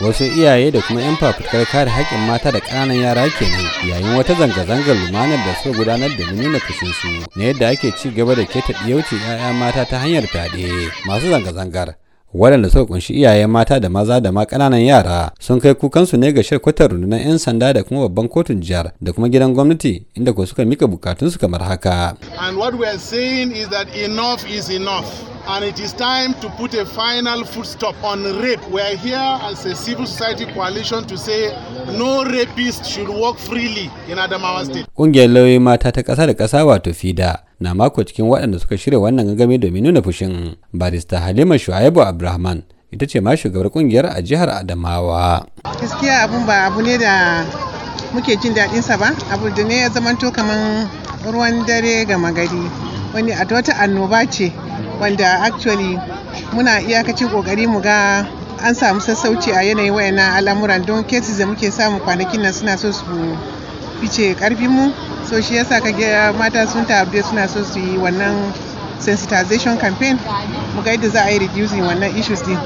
wasu iyaye da kuma 'yan fafutukar kare haƙƙin mata da ƙananan yara kenan yayin wata zanga-zangar lumanar da suka gudanar da nuna su na yadda ake ci gaba da keta ɗiyauci 'ya'ya mata ta hanyar fyaɗe masu zanga-zangar waɗanda suka ƙunshi iyaye mata da maza da ma ƙananan yara sun kai kukansu ne ga shirkwatar rundunar 'yan sanda da kuma babban kotun jihar da kuma gidan gwamnati inda ko suka mika bukatunsu kamar haka. And what we are is that enough is enough. and it is time to put a final foot stop on rape. We are here as a civil society coalition to say no rapist should walk freely in Adamawa State. Ƙungiyar lauyoyi mata ta ƙasa da ƙasa wato FIDA na mako cikin waɗanda suka shirya wannan gangami domin nuna fushin barista Halima Shu'aibu Abdulrahman ita ce ma shugabar ƙungiyar a jihar Adamawa. Gaskiya abun ba abu ne da muke jin sa ba, abu da ne ya zamanto kamar ruwan dare ga magari. Wani a wata annoba ce wanda actually muna iyakacin kokari mu ga an samu sassauci a yanayin wayannan al'amuran don cases da muke samu kwanakin nan suna so su fice karfin mu so shi yasa ga mata sun tabe suna so su yi wannan sensitization campaign mu ga yadda za a yi reducing wannan issues din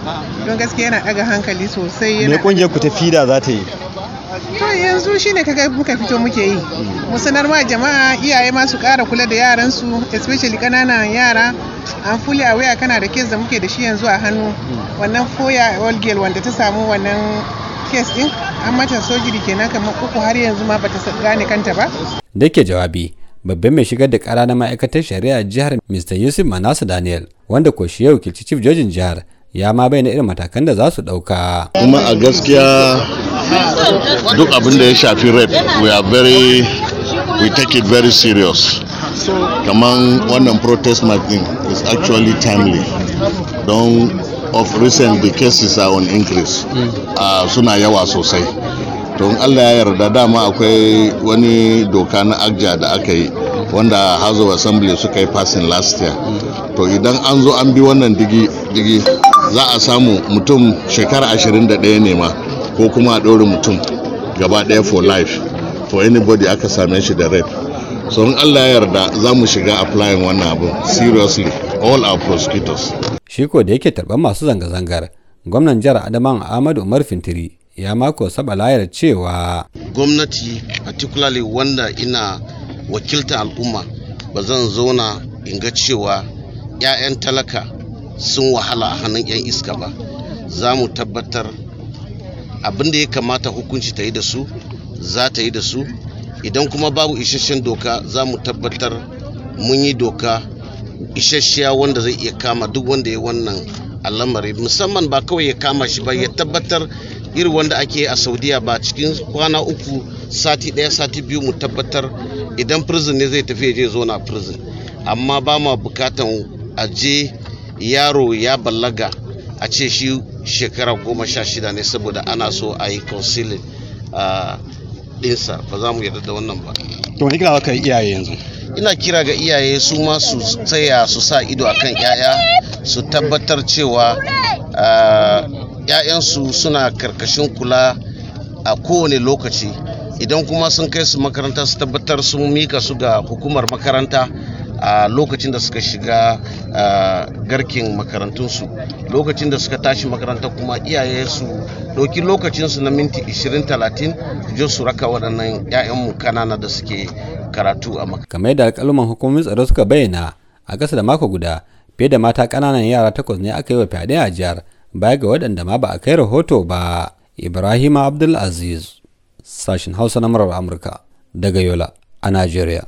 don gaskiya yana daga hankali sosai yana me kungiyar ku ta fida za ta yi to yanzu shine kaga muka fito muke yi mu sanar ma jama'a iyaye masu kara kula da yaran su especially kananan yara an fuli a waya kana da kes da muke da shi yanzu a hannu wannan foya all girl wanda ta samu wannan kes din an mata sojiri kenan kamar uku har yanzu ma bata gane kanta ba da ke jawabi babban mai shigar da kara na ma'aikatar shari'a jihar Mr. Yusuf Manasu Daniel wanda ko shi yau kilci chief jojin jihar ya ma bayyana irin matakan da za su dauka kuma a gaskiya duk abinda da ya shafi red we are very we take it very serious kaman wannan protest march is actually timely don of recent the cases are on increase uh, suna yawa sosai don allah ya yarda dama akwai wani doka na agja da aka yi wanda house of assembly suka yi passing last year to idan an zo an bi wannan digi za a samu mutum shekara 21 ne ma ko kuma a ɗore mutum gaba ɗaya for life for anybody aka same shi da rape so in allah yarda za mu shiga applying wannan abu seriously all our prosecutors shi ko da yake tarban masu zanga-zangar gwamnan jihar adaman ahmadu umar fintiri ya mako saba layar cewa gwamnati particularly wanda ina wakilta al'umma ba zan zauna in ga cewa 'ya'yan talaka sun wahala a hannun 'yan iska ba za mu tabbatar abin da ya kamata hukunci ta yi da su za ta yi da su idan kuma babu isasshen doka za mu tabbatar mun yi doka isasshiya wanda zai iya kama duk wanda ya wannan al'amari musamman ba kawai ya kama shi ba ya tabbatar irin wanda ake a saudiya ba cikin kwana uku sati ɗaya sati biyu mu tabbatar idan prison ne zai tafi je zona na prison amma ba ma bukatan a je yaro ya ballaga a ce shi shekara goma sha shida ne saboda ana so a yi consilin dinsa ba za mu yarda da wannan ba to wani kira ka iyaye yanzu ina kira ga iyaye su ma su tsaya su sa ido a kan 'ya'ya su tabbatar cewa 'ya'yansu suna karkashin kula a kowane lokaci idan kuma sun kai su makaranta su tabbatar sun mika su ga hukumar makaranta a lokacin da suka shiga garkin makarantunsu lokacin da suka tashi makaranta kuma iyaye su ɗauki lokacinsu na minti 20-30 je su raka waɗannan yayan 'ya'yanmu kanana da suke karatu a makarantunsu. kamar yadda alƙaluman hukumomin tsaro suka bayyana a ƙasa da mako guda fiye da mata ƙananan yara takwas ne aka yi wa fyaɗe a jihar baya ga waɗanda ma ba a kai rahoto ba ibrahima abdulaziz sashen hausa na murar amurka daga yola a najeriya